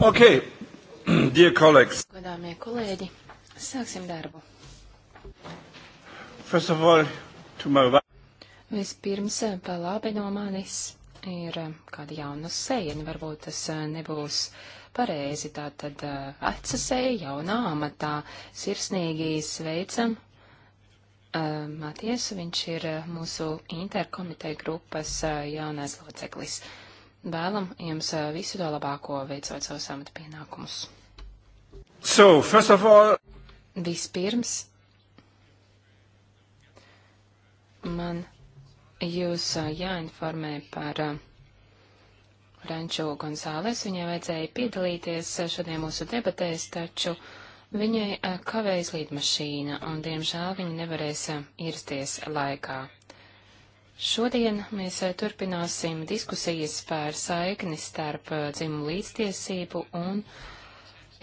Okay. Dear colleagues. Godāmie kolēģi, sāksim darbu. First of all, to my right. Vispirms eh, pa labi no manis ir eh, kāda jauna seja, nu, varbūt tas eh, nebūs pareizi, tā tad veca seja jaunā amatā. Sirsnīgi sveicam uh, Matiesu, viņš ir mūsu interkomiteja grupas jaunais loceklis. Uh, vēlam jums eh, visu to labāko veicot savus amata pienākumus. So, first of all... Vispirms, man jūs eh, jāinformē par eh, Rančo Gonzāles. Viņai vajadzēja piedalīties šodien mūsu debatēs, taču viņai kavējas līdmašīna, un diemžēl viņa nevarēs ierasties laikā. Šodien mēs eh, turpināsim diskusijas par saikni starp eh, dzimumu līdztiesību un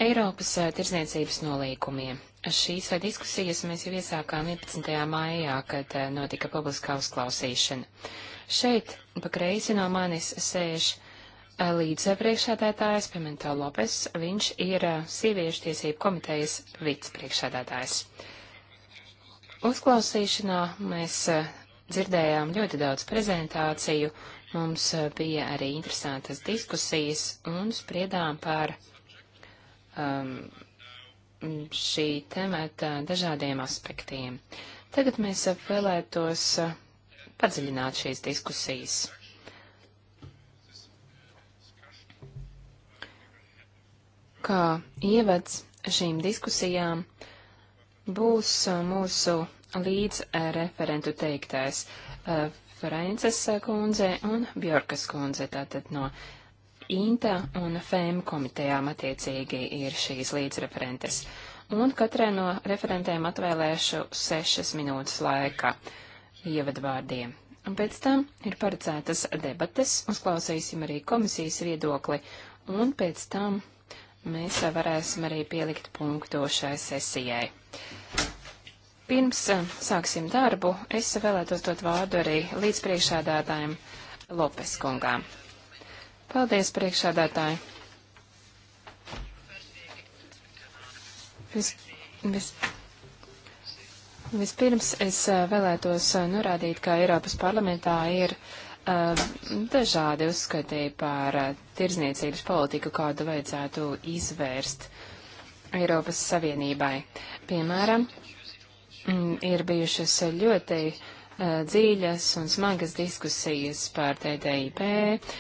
Eiropas eh, tirzniecības nolīkumiem. Šīs diskusijas mēs jau iesākām 11. maijā, kad notika publiskā uzklausīšana. Šeit pa kreisi no manis sēž līdzpriekšādētājs Pimento Lopes, viņš ir sieviešu tiesību komitejas vicepriekšādētājs. Uzklausīšanā mēs dzirdējām ļoti daudz prezentāciju, mums eh, bija arī interesantas diskusijas un spriedām par um, šī temata dažādiem aspektiem. Tagad mēs eh, vēlētos eh, padziļināt šīs diskusijas. Kā ievads šīm diskusijām būs mūsu līdz eh, referentu teiktais eh, Ferences eh, kundze un Bjorkas kundze, tātad no INTA un FEM komitejām attiecīgi ir šīs līdzreferentes. Un katrai no referentēm atvēlēšu sešas minūtes laika ievadvārdiem. Un pēc tam ir paredzētas debates, uzklausīsim arī komisijas viedokli, un pēc tam mēs varēsim arī pielikt punktu šai sesijai. Pirms eh, sāksim darbu, es vēlētos dot vārdu arī līdz priekšādātājiem Lopes kungām. Paldies, priekšādātāji! Vis, vis, vispirms es eh, vēlētos eh, norādīt, ka Eiropas parlamentā ir dažādi uzskati par tirzniecības politiku, kādu vajadzētu izvērst Eiropas Savienībai. Piemēram, Mm, ir bijušas ļoti eh, dziļas un smagas diskusijas par TTIP. Eh,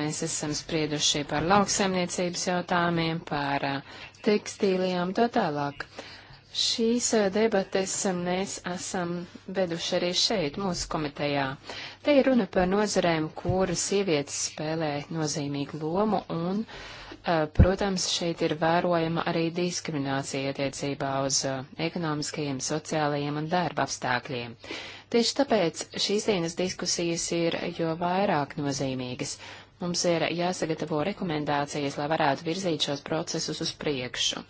mēs esam sprieduši par lauksaimniecības jautājumiem, par eh, tekstīlijām, tā tālāk. Šīs debates mēs esam veduši arī šeit, mūsu komitejā. Te ir runa par nozarēm, kuras sievietes spēlē nozīmīgu lomu un uh, Protams, šeit ir vērojama arī diskriminācija attiecībā uz ekonomiskajiem, sociālajiem un darba apstākļiem. Tieši tāpēc šīs dienas diskusijas ir jo vairāk nozīmīgas. Mums ir jāsagatavo rekomendācijas, lai varētu virzīt šos procesus uz priekšu.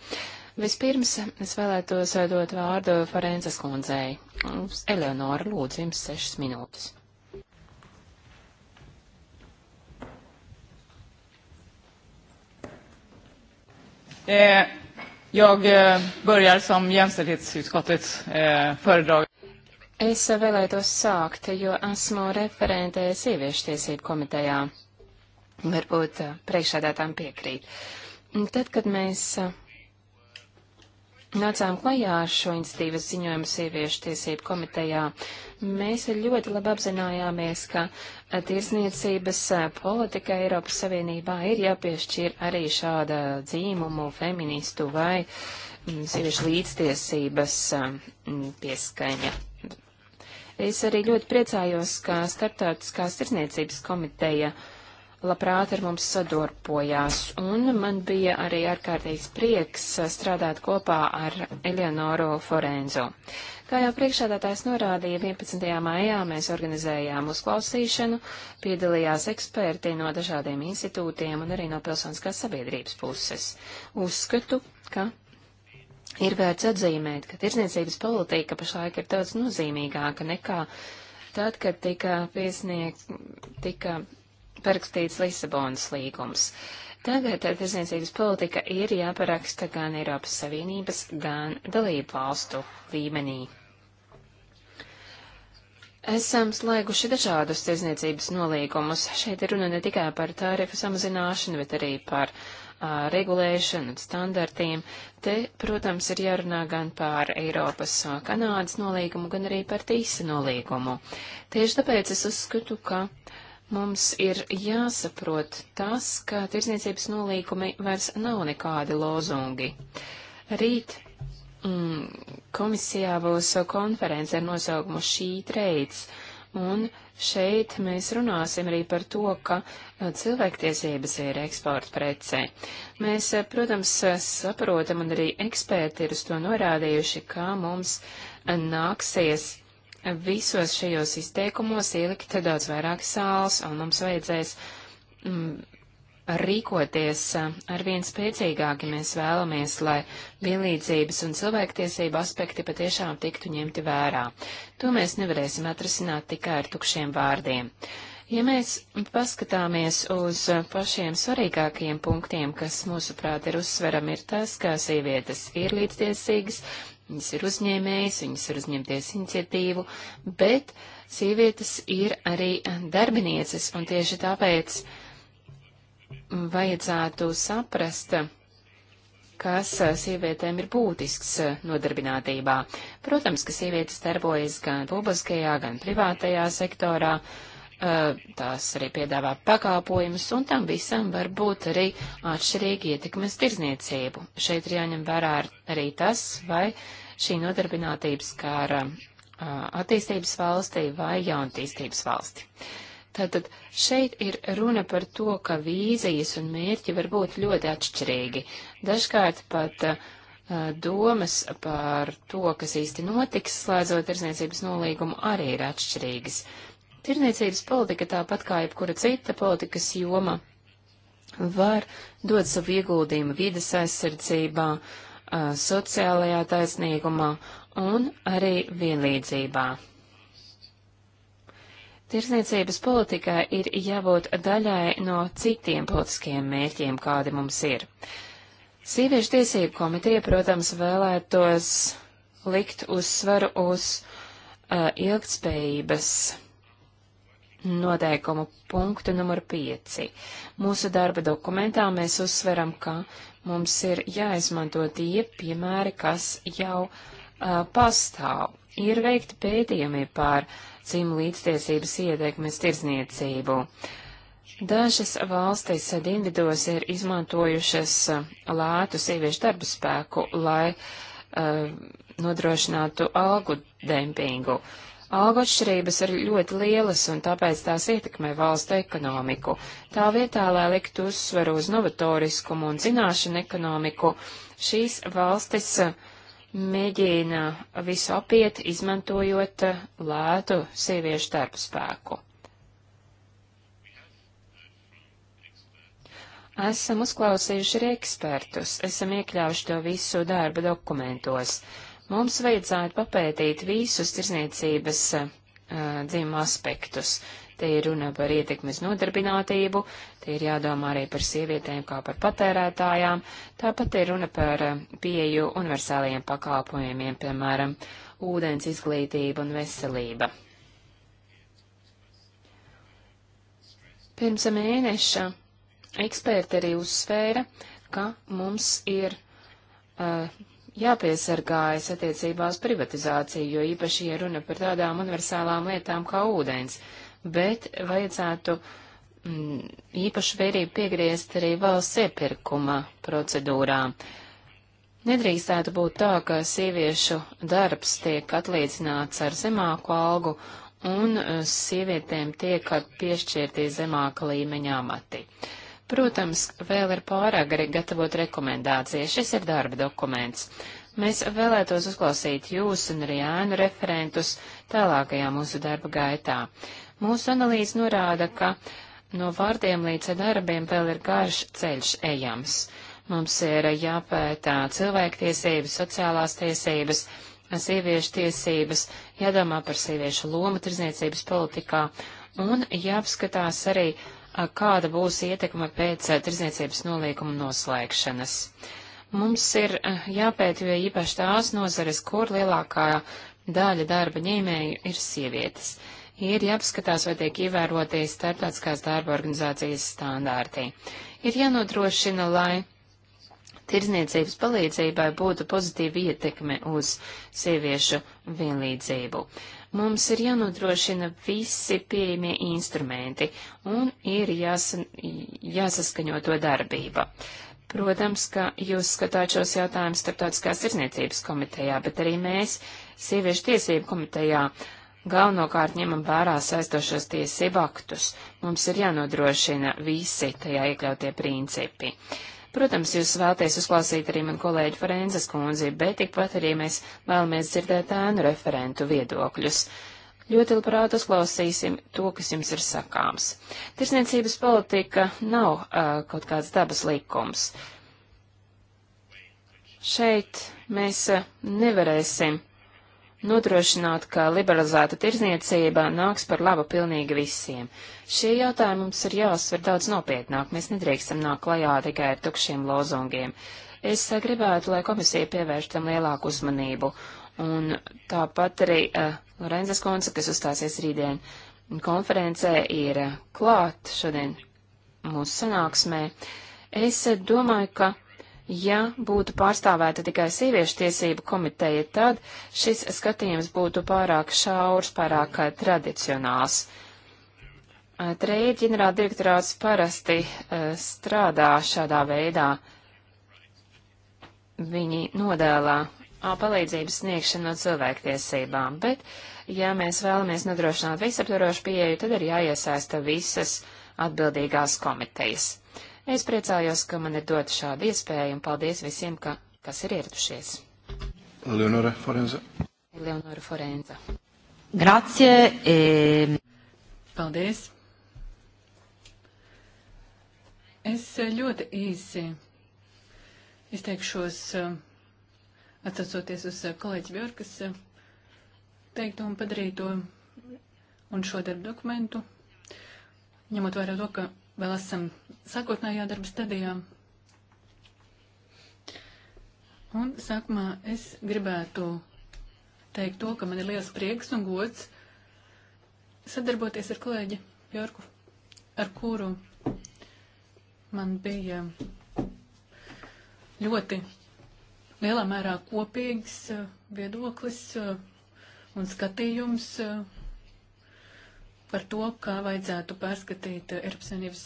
Vispirms es vēlētos dot vārdu Forences kundzei. Eleonora, lūdzu, jums sešas minūtes. Eh, jag eh, börjar som jämställdhetsutskottets eh, föredrag. Es vēlētos sākt, jo esmu referente sieviešu tiesību komitejā. Varbūt eh, priekšādātām piekrīt. Tad, kad mēs eh, nācām klajā ar šo institīvas ziņojumu sieviešu tiesību komitejā, mēs ļoti labi apzinājāmies, ka eh, tiesniecības eh, politika Eiropas Savienībā ir jāpiešķir arī šāda dzīmumu, feministu vai mm, sieviešu līdztiesības eh, mm, pieskaņa. Es arī ļoti priecājos, ka Startautiskās tirsniecības komiteja uh, labprāt ar mums sadarbojās, un man bija arī ārkārtīgs prieks strādāt kopā ar Eleonoru Forenzo. Kā jau priekšādātājs norādīja, 11. maijā mēs organizējām uzklausīšanu, piedalījās eksperti no dažādiem institūtiem un arī no pilsoniskās sabiedrības puses. Uzskatu, ka ir vērts atzīmēt, ka tirzniecības politika pašlaik ir daudz nozīmīgāka nekā tad, kad tika piesniegt, tika parakstīts Lisabonas līgums. Tagad tirdzniecības politika ir jāparaksta gan Eiropas Savienības, gan dalību valstu līmenī. Esam slēguši dažādus tirdzniecības nolīgumus. Šeit ir runa ne tikai par tārifu samazināšanu, bet arī par a, regulēšanu un standartiem. Te, protams, ir jārunā gan par Eiropas un Kanādas nolīgumu, gan arī par tīsa nolīgumu. Tieši tāpēc es uzskatu, ka uh, Mums ir jāsaprot tas, ka tirsniecības nolīkumi vairs nav nekādi lozungi. Rīt mm, komisijā būs konference ar nosaukumu šī treids, un šeit mēs runāsim arī par to, ka eh, cilvēktiesības ir eksporta precē. Mēs, eh, protams, saprotam, un arī eksperti ir uz to norādījuši, kā mums eh, nāksies visos šajos izteikumos ielikt daudz vairāk sāls, un mums vajadzēs mm, rīkoties eh, arvien spēcīgāk, ja mēs vēlamies, lai vienlīdzības un cilvēktiesība aspekti patiešām tiktu ņemti vērā. To mēs nevarēsim atrasināt tikai ar tukšiem vārdiem. Ja mēs paskatāmies uz pašiem svarīgākajiem punktiem, kas mūsuprāt ir uzsveram, ir tas, ka sievietes ir līdztiesīgas, Viņas ir uzņēmējas, viņas ir uzņemties iniciatīvu, bet sievietes ir arī darbinieces, un tieši tāpēc vajadzētu saprast, kas sievietēm ir būtisks nodarbinātībā. Protams, ka sievietes darbojas gan publiskajā, gan privātajā sektorā, uh, Eh, tās arī piedāvā pakāpojumus, un tam visam var būt arī atšķirīgi ietekmes tirzniecību. Šeit ir jāņem vērā arī tas, vai šī nodarbinātība skāra eh, attīstības valstī vai jaunatīstības valsti. Tātad šeit ir runa par to, ka vīzijas un mērķi var būt ļoti atšķirīgi. Dažkārt pat uh, domas par to, kas īsti notiks, slēdzot tirsniecības nolīgumu, arī ir atšķirīgas. Uh, Tirniecības politika, tāpat kā jebkura cita politikas joma, var dot savu ieguldījumu vides aizsardzībā, sociālajā taisnīgumā un arī vienlīdzībā. Tirzniecības politikai ir jābūt daļai no citiem politiskiem mērķiem, kādi mums ir. Sīviešu tiesību komiteja, protams, vēlētos likt uzsvaru uz uh, ilgtspējības noteikumu punktu numur 5. Mūsu darba dokumentā mēs uzsveram, ka mums ir jāizmanto tie piemēri, kas jau uh, pastāv. Ir veikti pētījumi par dzimu līdztiesības ietekmes tirzniecību. Dažas valstis dienvidos ir izmantojušas lētu sieviešu darbu spēku, lai uh, nodrošinātu algu dempingu. Uh, Algu atšķirības ir ļoti lielas, un tāpēc tās ietekmē valstu ekonomiku. Tā vietā, lai liktu uzsveru uz novatoriskumu un zināšanu ekonomiku, šīs valstis eh, mēģina visu apiet, izmantojot eh, lētu sieviešu darbu spēku. Esam uzklausījuši arī ekspertus, esam iekļāvuši to visu darba dokumentos. Mums vajadzētu papētīt visus tirzniecības uh, dzīvuma aspektus. Te ir runa par ietekmes nodarbinātību, te ir jādomā arī par sievietēm kā par patērētājām, tāpat ir runa par pieju universālajiem pakalpojumiem, piemēram, ūdens izglītība un veselība. Pirms mēneša eksperti arī uzsvēra, ka mums ir uh, jāpiesargājas attiecībā uz privatizāciju, jo īpaši ir runa par tādām universālām lietām kā ūdens, bet vajadzētu mm, īpašu vērību piegriezt arī valsts iepirkuma procedūrām. Nedrīkstētu būt tā, ka sieviešu darbs tiek atlīdzināts ar zemāku algu un eh, sievietēm tiek piešķirti zemāka līmeņa amati. Uh, Protams, vēl ir pārāk arī gatavot rekomendācijas. Šis ir darba dokuments. Mēs vēlētos uzklausīt jūs un arī ēnu referentus tālākajā mūsu darba gaitā. Mūsu analīze norāda, ka no vārdiem līdz darbiem vēl ir garš ceļš ejams. Mums ir jāpētā cilvēktiesības, sociālās tiesības, sieviešu tiesības, jādomā par sieviešu lomu tirzniecības politikā un jāapskatās arī kāda būs ietekme pēc eh, tirzniecības nolīguma noslēgšanas. Mums ir eh, jāpēta, jo īpaši tās nozares, kur lielākā daļa darba ņēmēju ir sievietes. Ir jāapskatās, vai tiek ievērotīs starptautiskās darba organizācijas standārti. Ir jānodrošina, lai tirzniecības palīdzībai būtu pozitīva ietekme uz sieviešu vienlīdzību. Mums ir jānodrošina visi pieejamie instrumenti un ir jāsa, jāsaskaņo to darbība. Protams, ka jūs skatāt šos jautājumus starptautiskās tirzniecības komitejā, bet arī mēs sieviešu tiesību komitejā galvenokārt ņemam vērā saistošos tiesību aktus. Mums ir jānodrošina visi tajā iekļautie principi. Uh, Protams, jūs vēlties uzklausīt arī man kolēģi Forenzas kundzi, bet tikpat arī mēs vēlamies dzirdēt ēnu referentu viedokļus. Ļoti labprāt uzklausīsim to, kas jums ir sakāms. Tirsniecības politika nav uh, kaut kāds dabas likums. Šeit mēs uh, nevarēsim uh, nodrošināt, ka liberalizēta tirzniecība nāks par labu pilnīgi visiem. Šie jautājumi mums ir jāuzsver daudz nopietnāk, mēs nedrīkstam nākt klajā tikai ar tukšiem lozungiem. Es gribētu, lai komisija pievērš tam lielāku uzmanību, un tāpat arī uh, eh, Lorenzas konca, kas uzstāsies rītdien konferencē, ir uh, klāt šodien mūsu sanāksmē. Es uh, domāju, ka Ja būtu pārstāvēta tikai sieviešu tiesību komiteja, tad šis skatījums būtu pārāk šaurs, pārāk eh, tradicionāls. Eh, Treja ģenerāla direktorāts parasti eh, strādā šādā veidā. Viņi nodēlā palīdzības sniegšanu no cilvēktiesībām, bet, ja mēs vēlamies nodrošināt visaptvarošu pieeju, tad ir jāiesaista visas atbildīgās komitejas. Es priecājos, ka man ir dota šāda iespēja, un paldies visiem, ka, kas ir ieradušies. Leonora Forenza. Leonora Forenza. Grazie. E... Paldies. Es e, ļoti īsi izteikšos, e, atsacoties uz e, kolēģi Bjorkas teikto un padarīto un šo darbu dokumentu, ņemot vērā to, ka vēl esam sākotnējā darba stadijā. Un sākumā es gribētu teikt to, ka man ir liels prieks un gods sadarboties ar kolēģi Jorku, ar kuru man bija ļoti lielā mērā kopīgs eh, viedoklis eh, un skatījums eh, par to, kā vajadzētu pārskatīt Eiropas Savienības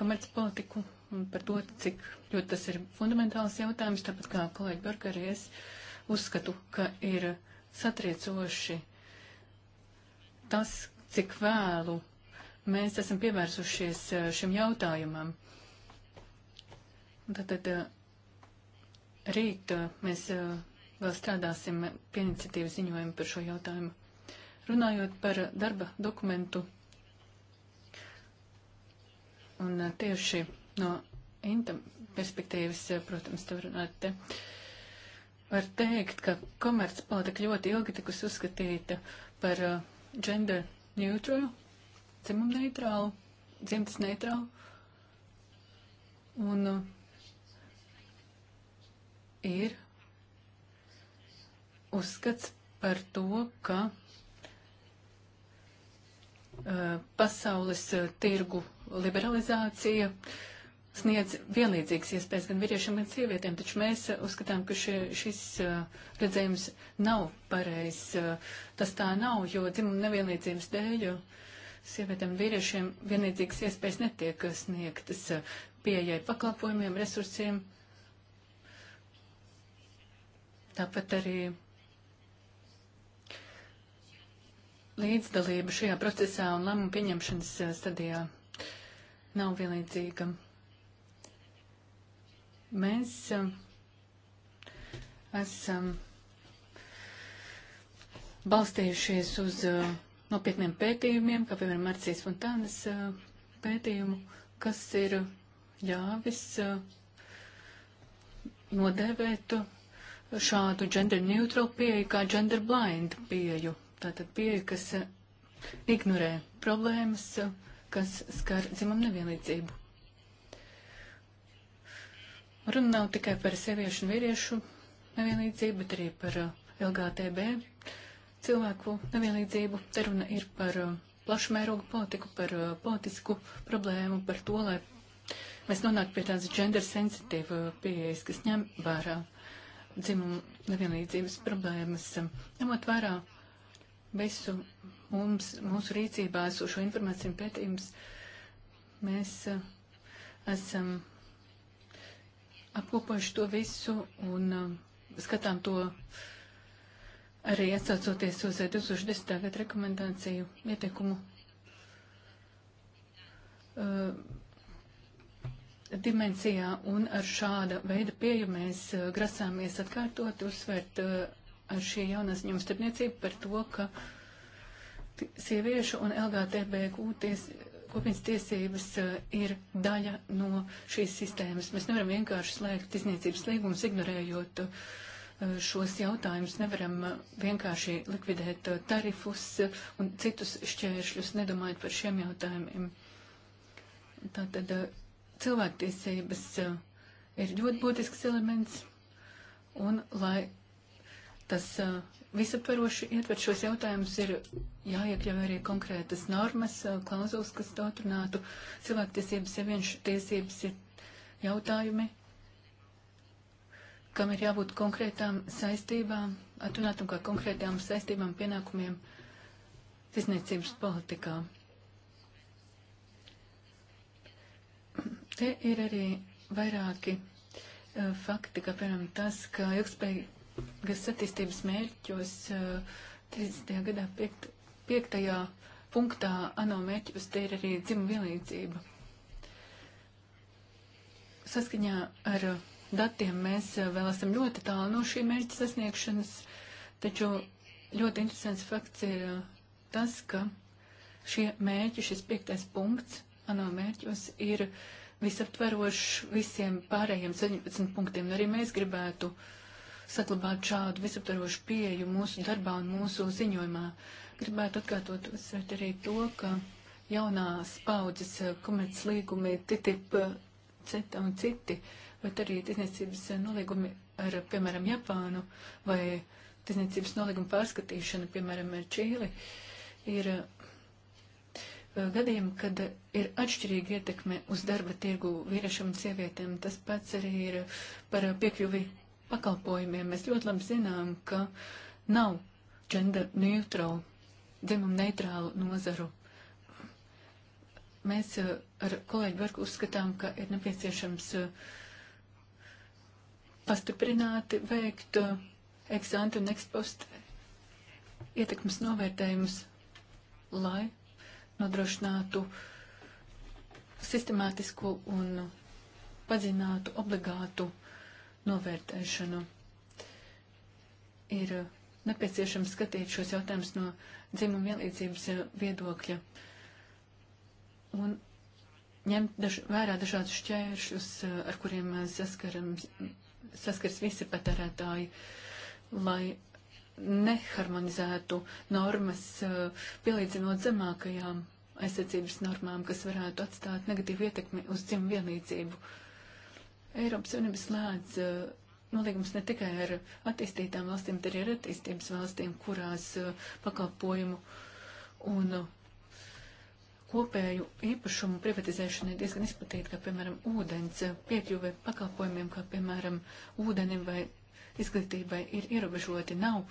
komercpolitiku un par to, cik ļoti tas ir fundamentāls jautājums, tāpat kā kolēģi Burgeri, es uzskatu, ka ir satriecoši tas, cik vēlu mēs esam pievērsušies eh, šim jautājumam. Tātad eh, rīt eh, mēs vēl strādāsim pie iniciatīvas ziņojumu par šo jautājumu. Runājot par darba dokumentu Un eh, tieši no Inta perspektīvas, eh, protams, tu varētu var teikt, ka komercpolitika ļoti ilgi tikus uzskatīta par uh, gender neutral, dzimumu neitrālu, dzimtas neitrālu. Un uh, ir uzskats par to, ka uh, pasaules uh, tirgu liberalizācija sniedz vienlīdzīgas iespējas gan vīriešiem, gan sievietēm, taču mēs eh, uzskatām, ka šie, šis eh, redzējums nav pareizs. Eh, tas tā nav, jo dzimuma nevienlīdzības dēļ sievietēm un vīriešiem vienlīdzīgas iespējas netiek sniegtas pieejai pakalpojumiem, resursiem. Tāpat arī līdzdalība šajā procesā un lēmumu pieņemšanas stadijā nav vienlīdzīga. Mēs um, esam balstījušies uz uh, nopietniem pētījumiem, kā piemēram Marcijas Fontānas uh, pētījumu, kas ir ļāvis uh, nodēvēt šādu gender neutral pieeju kā gender blind pieeju. Tātad pieeja, kas ignorē problēmas, uh, kas skar dzimumu nevienlīdzību. Runa nav tikai par sieviešu un vīriešu nevienlīdzību, bet arī par uh, LGTB cilvēku nevienlīdzību. Te runa ir par uh, plašu mērogu politiku, par uh, politisku problēmu, par to, lai mēs nonāktu pie tādas gender sensitīva pieejas, kas ņem vērā dzimumu nevienlīdzības problēmas, ņemot vērā visu mums, mūsu rīcībā esošo informāciju un pētījumus mēs uh, esam apkopojuši to visu un uh, skatām to arī atsaucoties uz 2010. Eh, gadu rekomendāciju ieteikumu uh, dimensijā un ar šāda veida pieju mēs grasāmies atkārtot, uzsvērt ar šī jaunā ziņojuma starpniecību par to, ka sieviešu un LGTBQ ties, kopienas tiesības uh, ir daļa no šīs sistēmas. Mēs nevaram vienkārši slēgt izniecības līgumus, ignorējot uh, šos jautājumus. Nevaram uh, vienkārši likvidēt tarifus un citus šķēršļus, nedomājot par šiem jautājumiem. Tātad cilvēktiesības ir ļoti būtisks elements, un lai tas visaparoši ietver šos jautājumus, ir jāiekļauj arī konkrētas normas, klauzulas, kas to atrunātu. Cilvēktiesības, sieviešu tiesības ir jautājumi, kam ir jābūt konkrētām saistībām, atrunātam kā konkrētām saistībām, pienākumiem tiesniecības politikā. Te ir arī vairāki fakti, kā piemēram tas, ka ilgspējīgi kas attīstības mērķos 30. Eh, gadā 5. Piekt, punktā ANO mērķos te ir arī dzimuma vienlīdzība. Saskaņā ar datiem mēs vēl esam ļoti tālu no šī mērķa sasniegšanas, taču ļoti interesants fakts ir eh, tas, ka šie mērķi, šis piektais punkts ANO mērķos ir visaptverošs visiem pārējiem 17 punktiem. Arī mēs gribētu uh, saglabāt šādu visaptarošu pieeju mūsu darbā un mūsu ziņojumā. Gribētu atkārtot uzsvērt arī to, ka jaunās paudzes eh, komerces līgumi, TTIP, eh, CETA un citi, bet arī tiesniecības eh, nolīgumi ar, piemēram, Japānu vai tiesniecības nolīguma pārskatīšana, piemēram, ar Čīli, ir gadījumi, kad ir atšķirīga ietekme uz darba tirgu vīriešiem un sievietēm. Tas pats arī ir par piekļuvi pakalpojumiem. Mēs ļoti labi zinām, ka nav gender neutral, dzimumu neitrālu nozaru. Mēs eh, ar kolēģi Berku uzskatām, ka ir nepieciešams eh, pastiprināti veikt eksāntu eh, un ekspost ietekmes novērtējumus, lai nodrošinātu sistemātisku un padziļinātu obligātu uh, novērtēšanu. Ir nepieciešams skatīt šos jautājumus no dzimuma vienlīdzības viedokļa un ņemt daž, vērā dažādus šķēršļus, ar kuriem saskars visi patērētāji, lai neharmonizētu normas, pielīdzinot zemākajām aizsardzības normām, kas varētu atstāt negatīvu ietekmi uz dzimumu vienlīdzību. Uh, Eiropas Unības slēdz eh, nolīgums ne tikai ar attīstītām valstīm, bet arī ar attīstības valstīm, kurās eh, pakalpojumu un eh, kopēju īpašumu privatizēšana ir diezgan izplatīta, kā piemēram ūdens piekļuve pakalpojumiem, kā piemēram ūdenim vai izglītībai ir ierobežoti. Nav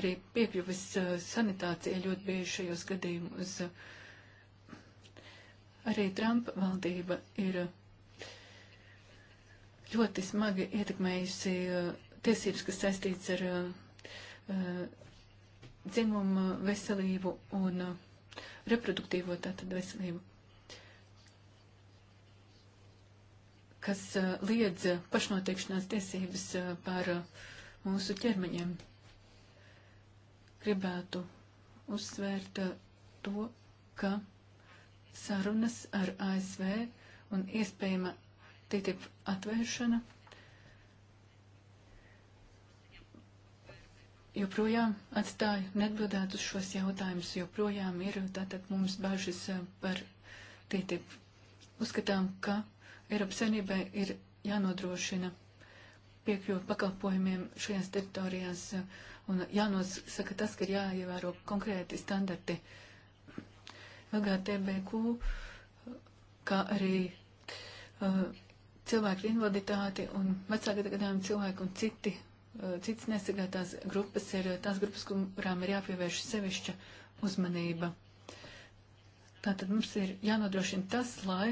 arī piekļuves sanitācija ļoti bieži šajos gadījumos. Arī Trumpa valdība ir ļoti smagi ietekmējusi eh, tiesības, kas saistīts ar eh, eh, dzimumu veselību un reproduktīvo tātad veselību, kas liedz pašnoteikšanās tiesības par mūsu ķermeņiem. Gribētu uzsvērt to, ka sarunas ar ASV un iespējama TTIP atvēršana joprojām atstāju neatbildēt uz šos jautājumus, joprojām ir tātad mums bažas eh, par TTIP. Uzskatām, ka Eiropas Savienībai ir jānodrošina piekļuvu pakalpojumiem šajās teritorijās eh, un jānosaka tas, ka ir jāievēro konkrēti standarti LGTBQ, eh, kā arī uh, cilvēki ar invaliditāti un vecāka gadagājuma cilvēki un citi, eh, cits nesagātās grupas ir tās grupas, kurām ir jāpievērš sevišķa uzmanība. Tātad mums ir jānodrošina tas, lai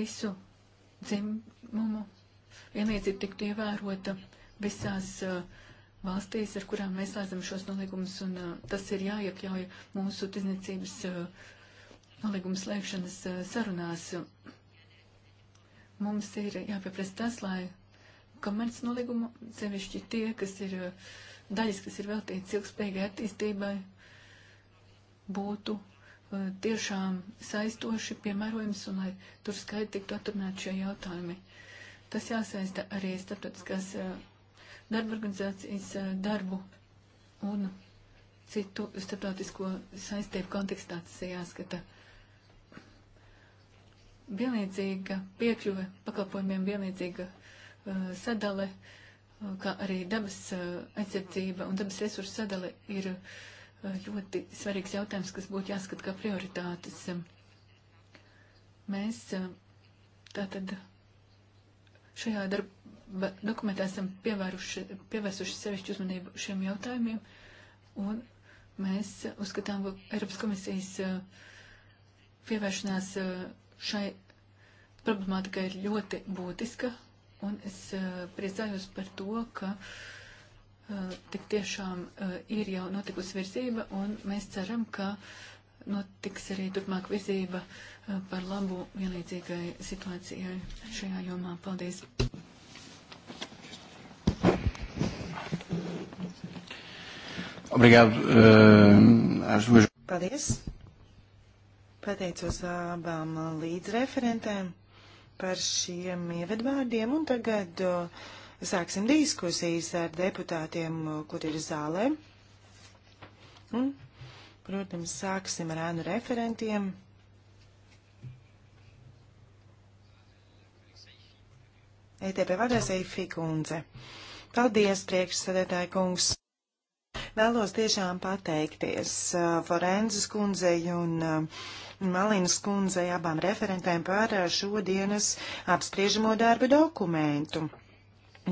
visu dzimumu vienlīdzību tiktu ievērota visās uh, valstīs, ar kurām mēs slēdzam šos nolīgumus, un uh, tas ir jāiekļauj mūsu tirdzniecības uh, nolīgumu slēgšanas sarunās. Mums ir jāpieprasa tas, lai komerc nolīguma sevišķi tie, kas ir daļas, kas ir veltītas ilgspējīgai attīstībai, būtu e, tiešām saistoši, piemērojams, un lai tur skaidri tiktu atrunāt šie jautājumi. Tas jāsaista arī starptautiskās e, darba organizācijas e, darbu un citu starptautisko saistību kontekstā tas jāskata. Uh, vienlīdzīga piekļuve pakalpojumiem, vienlīdzīga uh, sadale, uh, kā arī dabas uh, aizsardzība un dabas resursu sadale ir uh, ļoti svarīgs jautājums, kas būtu jāskat kā prioritātes. Mēs uh, tātad šajā darba dokumentā esam pievērsuši sevišķu uzmanību šiem jautājumiem, un mēs uzskatām, ka Eiropas komisijas uh, pievēršanās šai problemātika ir ļoti būtiska, un es uh, priecājos par to, ka uh, tik tiešām uh, ir jau notikusi virzība, un mēs ceram, ka notiks arī turpmāk virzība par labu vienlīdzīgai situācijai šajā jomā. Paldies! Obrigado uh, às duas. Paldies. Pateicos abām līdzreferentēm par šiem ievedvārdiem, un tagad sāksim diskusijas ar deputātiem, kur ir zālē. Un, protams, sāksim ar ēnu referentiem. ETP vadēsēja Fikundze. Paldies, priekšsēdētāji kungs! Vēlos tiešām pateikties uh, Forenzes kundzei un uh, Malinas kundzei abām referentēm par uh, šodienas apspriežamo darba dokumentu.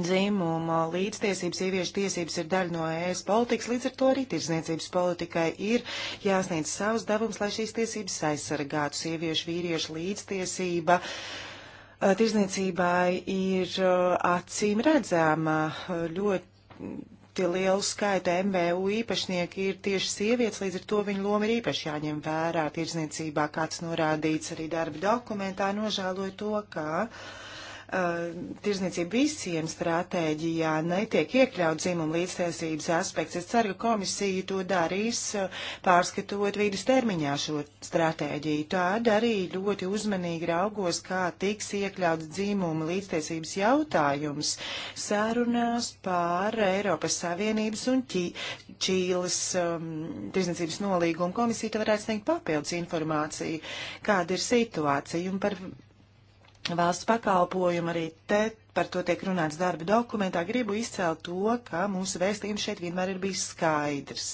Dzimuma līdztiesības, sieviešu tiesības ir daļa no ES politikas, līdz ar to arī tirzniecības politikai ir jāsniedz savs devums, lai šīs tiesības aizsargātu sieviešu vīriešu līdztiesība. Uh, tirzniecībai ir uh, acīm redzama uh, ļoti ļoti lielu skaitu MVU īpašnieki ir tieši sievietes, līdz ar to viņu loma ir īpaši jāņem vērā tirdzniecībā, kāds norādīts arī darba dokumentā, nožēloju to, ka uh, Uh, tirzniecība visiem stratēģijā netiek iekļaut dzimuma līdztiesības aspekts. Es ceru, ka komisija to darīs, uh, pārskatot vidus termiņā šo stratēģiju. Tāda arī ļoti uzmanīgi raugos, kā tiks iekļauts dzimuma līdztiesības jautājums sārunās pār Eiropas Savienības un ķi, Čīles um, tirzniecības nolīgumu. Komisija te varētu sniegt papildus informāciju, kāda ir situācija un par valsts pakalpojumu. Arī te par to tiek runāts darba dokumentā. Gribu izcelt to, ka mūsu vēstījums šeit vienmēr ir bijis skaidrs.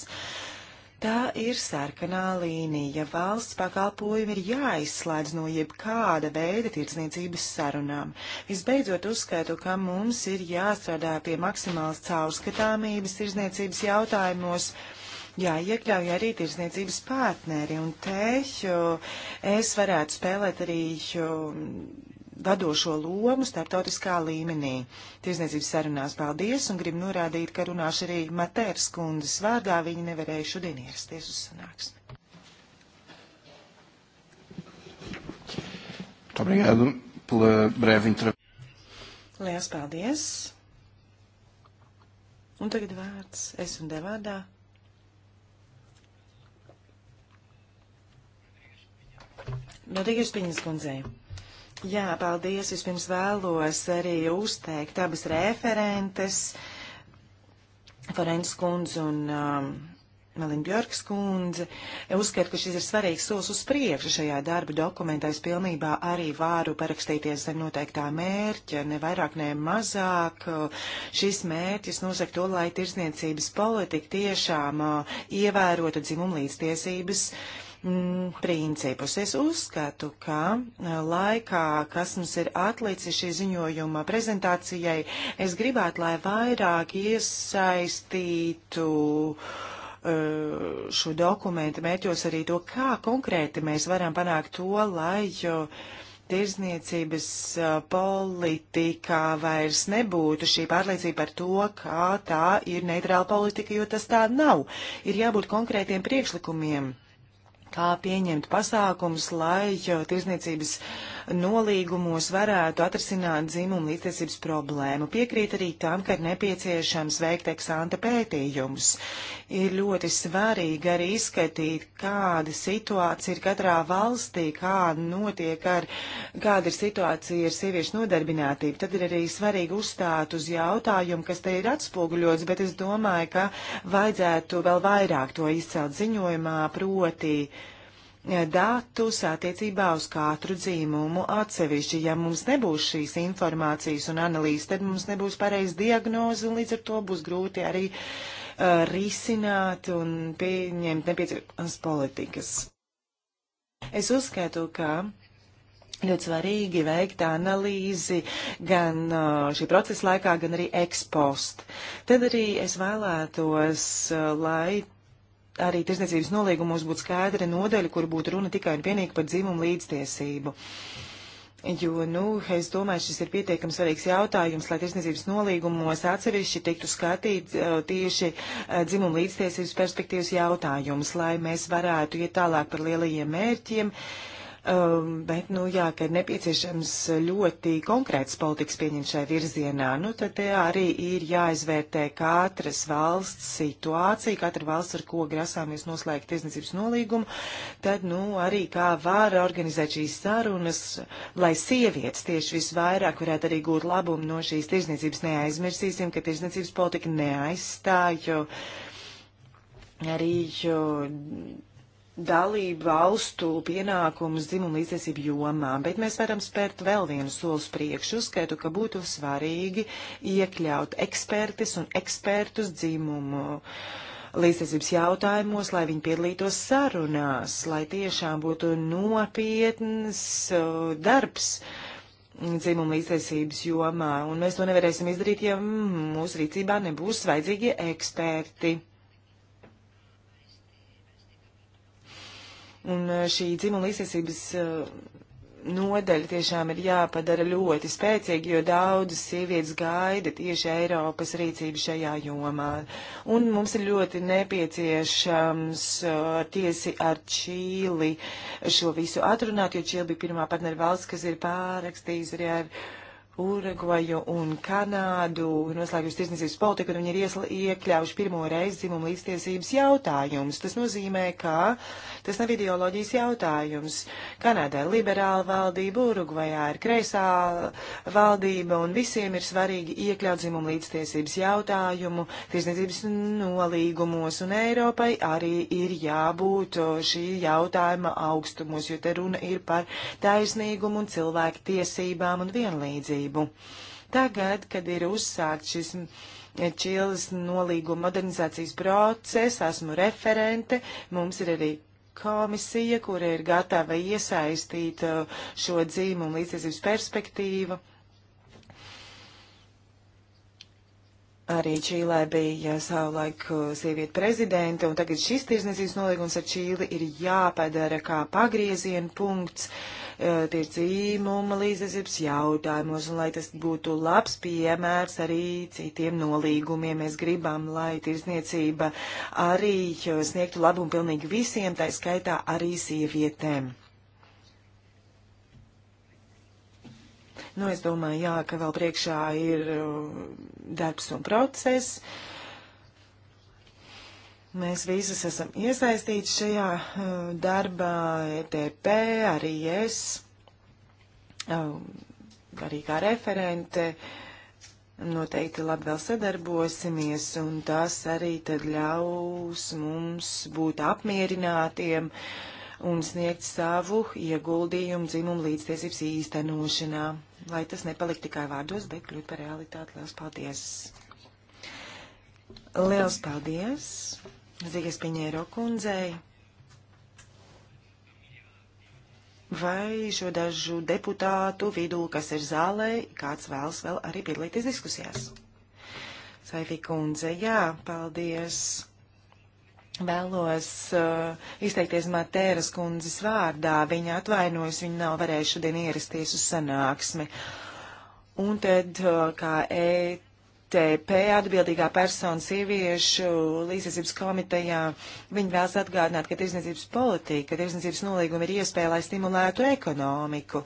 Tā ir sarkanā līnija. Valsts pakalpojumi ir jāizslēdz no jebkāda veida tirdzniecības sarunām. Visbeidzot, uzskaitu, ka mums ir jāstrādā pie maksimālas caurskatāmības tirdzniecības jautājumos. Jā, iekļauj arī tirdzniecības partneri, un te es varētu spēlēt arī vadošo lomu starptautiskā līmenī. Tiesniecības sarunās paldies un gribu norādīt, ka runāšu arī Matērs kundzes vārdā, viņi nevarēja šodien ierasties uz sanāksmi. Obrigado pela breve intervenção. Lielas paldies. Un tagad vārds es un devādā. Rodīgas Piņas kundzei. Jā, paldies. Vispirms vēlos arī uzteikt abas referentes, Forens kundze un um, Melina Bjorkas kundze, uzskata, ka šis ir svarīgs solis uz priekšu šajā darba dokumentā. Es pilnībā arī varu parakstīties zem noteiktā mērķa, ne vairāk, ne mazāk. Šis mērķis nosaka to, lai tirzniecības politika tiešām uh, ievērotu dzimumu līdztiesības. Uh, mm, principus. Es uzskatu, ka eh, laikā, kas mums ir atlicis šī ziņojuma prezentācijai, es gribētu, lai vairāk iesaistītu eh, šo dokumentu mērķos arī to, kā konkrēti mēs varam panākt to, lai tirzniecības eh, politikā vairs nebūtu šī pārliecība par to, kā tā ir neitrāla politika, jo tas tā nav. Ir jābūt konkrētiem priekšlikumiem kā pieņemt pasākumus, lai tirzniecības uh, nolīgumos varētu atrisināt dzimumu līdztiesības problēmu. Piekrīt arī tam, ka ir nepieciešams veikt eksānta pētījumus. Ir ļoti svarīgi arī izskatīt, kāda situācija ir katrā valstī, kāda notiek ar, kāda ir situācija ar sieviešu nodarbinātību. Tad ir arī svarīgi uzstāt uz jautājumu, kas te ir atspoguļots, bet es domāju, ka vajadzētu vēl vairāk to izcelt ziņojumā, proti Eh, datus attiecībā uz katru dzīmumu atsevišķi. Ja mums nebūs šīs informācijas un analīzes, tad mums nebūs pareiz diagnoze un līdz ar to būs grūti arī uh, risināt un pieņemt nepieciešamas politikas. Es uzskatu, ka ļoti svarīgi veikt analīzi gan eh, šī procesa laikā, gan arī ekspost. Tad arī es vēlētos, lai arī tirsniecības nolīgumos būtu skaidra nodeļa, kur būtu runa tikai un vienīgi par dzimumu līdztiesību. Jo, nu, es domāju, šis ir pietiekami svarīgs jautājums, lai tirsniecības nolīgumos atsevišķi tiktu skatīt tieši dzimumu līdztiesības perspektīvas jautājums, lai mēs varētu iet tālāk par lielajiem mērķiem. Uh, Um, bet, nu jā, ka ir nepieciešams ļoti konkrēts politikas pieņemt šai virzienā, nu tad eh, arī ir jāizvērtē katras valsts situācija, katra valsts, ar ko grasāmies noslēgt tiesniecības nolīgumu, tad, nu, arī kā var organizēt šīs sarunas, lai sievietes tieši visvairāk varētu arī gūt labumu no šīs tiesniecības. Neaizmirsīsim, ka tiesniecības politika neaizstāja arī jo, dalību valstu pienākumus dzimumu līdztiesību jomā, bet mēs varam spērt vēl vienu soli uz priekšu. Uzskaitu, ka būtu svarīgi iekļaut ekspertis un ekspertus dzimumu līdztiesības jautājumos, lai viņi piedalītos sarunās, lai tiešām būtu nopietns uh, darbs dzimumu līdztiesības jomā, un mēs to nevarēsim izdarīt, ja mūsu rīcībā nebūs vajadzīgie eksperti. Un eh, šī dzimuma līdzsvarības eh, nodaļa tiešām ir jāpadara ļoti spēcīga, jo daudzas sievietes gaida tieši Eiropas rīcību šajā jomā. Un mums ir ļoti nepieciešams eh, tiesi ar Čīli šo visu atrunāt, jo Čīli bija pirmā partneru valsts, kas ir pārakstījusi arī ar. Urugvaju un Kanādu noslēgusi tirsniecības politiku, un viņi ir iesla, iekļāvuši pirmo reizi dzimumu līdztiesības jautājumus. Tas nozīmē, ka tas nav ideoloģijas jautājums. Kanādā ir liberāla valdība, Urugvajā ir kreisā valdība, un visiem ir svarīgi iekļaut dzimumu līdztiesības jautājumu tirsniecības nolīgumos, un Eiropai arī ir jābūt šī jautājuma augstumos, jo te runa ir par taisnīgumu un cilvēku tiesībām un vienlīdzību sadarbību. Tagad, kad ir uzsākt šis eh, Čīles nolīguma modernizācijas process, esmu referente, mums ir arī komisija, kura ir gatava iesaistīt eh, šo dzīmumu līdztiesības perspektīvu. Arī Čīlē bija savulaik eh, sieviete prezidente, un tagad šis tirzniecības nolīgums ar Čīli ir jāpadara kā pagrieziena punkts. Uh, tie dzīmuma līdzesības jautājumos, un lai tas būtu labs piemērs arī citiem nolīgumiem. Mēs gribam, lai tirzniecība arī sniegtu labumu pilnīgi visiem, tā skaitā arī sievietēm. Nu, es domāju, jā, ka vēl priekšā ir darbs un process. Uh, Mēs visas esam iesaistīti šajā uh, darbā, ETP, arī es, uh, arī kā referente. Noteikti labi vēl sadarbosimies, un tas arī tad ļaus mums būt apmierinātiem un sniegt savu ieguldījumu dzimumu līdztiesības īstenošanā, lai tas nepalikt tikai vārdos, bet kļūt par realitāti. Liels paldies! Liels paldies! Zīgas Piņēro kundzei. Vai šo dažu deputātu vidū, kas ir zālē, kāds vēlas vēl arī piedalīties diskusijās? Saifī kundze, jā, paldies. Vēlos uh, izteikties Matēras kundzes vārdā. Viņa atvainojas, viņa nav varējusi šodien ierasties uz sanāksmi. Un tad, uh, kā e TP atbildīgā persona sieviešu līdzsvarības komitejā. Viņi vēlas atgādināt, ka tirzniecības politika, ka tirzniecības nolīguma ir iespēja, lai stimulētu ekonomiku.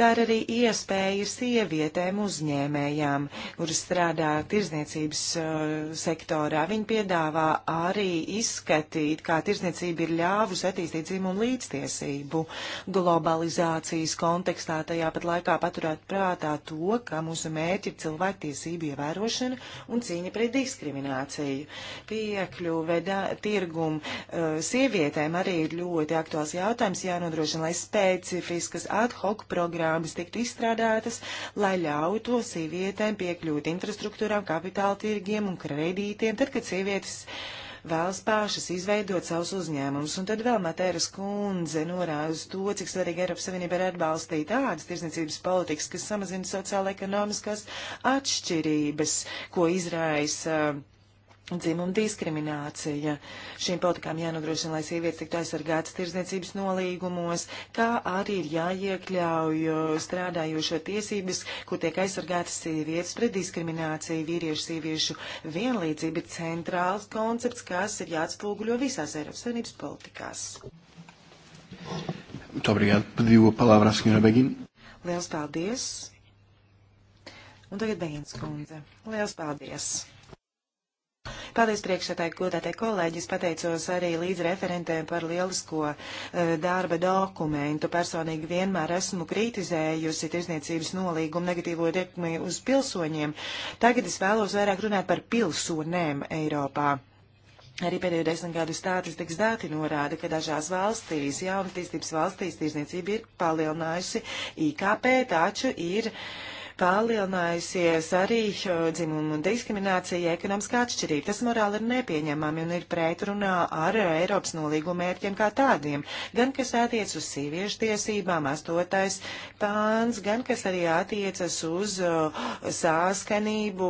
Tā ir arī iespēja ir sievietēm uzņēmējām, kuras strādā tirzniecības uh, sektorā. Viņi piedāvā arī izskatīt, kā tirzniecība ir ļāvusi attīstīt dzimumu līdztiesību globalizācijas kontekstā, tajā pat laikā paturēt prātā to, ka mūsu mērķi ir cilvēktiesību ievērošana novēršana un cīņa pret diskrimināciju. Piekļuve tirgumu uh, eh, sievietēm arī ir ļoti aktuāls jautājums, jānodrošina, lai specifiskas ad hoc programmas tiktu izstrādātas, lai ļautu sievietēm piekļūt infrastruktūrām, kapitāla tirgiem un kredītiem, tad, kad sievietes uh, vēlas pašas izveidot savus uzņēmumus. Un tad vēl Matēras kundze norāda uz to, cik svarīgi Eiropas Savienība ir atbalstīt tādas tirsniecības politikas, kas samazina sociāla ekonomiskās atšķirības, ko izraisa uh, dzimuma diskriminācija. Šīm politikām jānodrošina, lai sievietes tiktu aizsargātas tirdzniecības nolīgumos, kā arī ir jāiekļauj strādājošo tiesības, kur tiek aizsargātas sievietes pret diskrimināciju. Vīriešu sieviešu vienlīdzība ir centrāls koncepts, kas ir jāatspūguļo visās Eiropas Savienības politikās. Muito obrigado. Pediu a palavra a senhora Begin. Liels paldies. Un tagad Begins kundze. Liels paldies. Paldies priekšsētāji, godātie kolēģi. Es pateicos arī līdzreferentēm par lielisko uh, darba dokumentu. Personīgi vienmēr esmu kritizējusi tirzniecības nolīgumu negatīvo ietekmi uz pilsoņiem. Tagad es vēlos vairāk runāt par pilsonēm Eiropā. Arī pēdējo desmit gadu statistikas dati norāda, ka dažās valstīs, jaunatīstības valstīs, tirzniecība ir palielinājusi IKP, taču ir. Uh, palielinājusies arī uh, dzimumu diskriminācija, ekonomiskā atšķirība. Tas morāli ir nepieņemami un ir pretrunā ar uh, Eiropas nolīgu mērķiem kā tādiem, gan kas attiec uz sieviešu tiesībām, astotais pāns, gan kas arī attiecas uz uh, sāskanību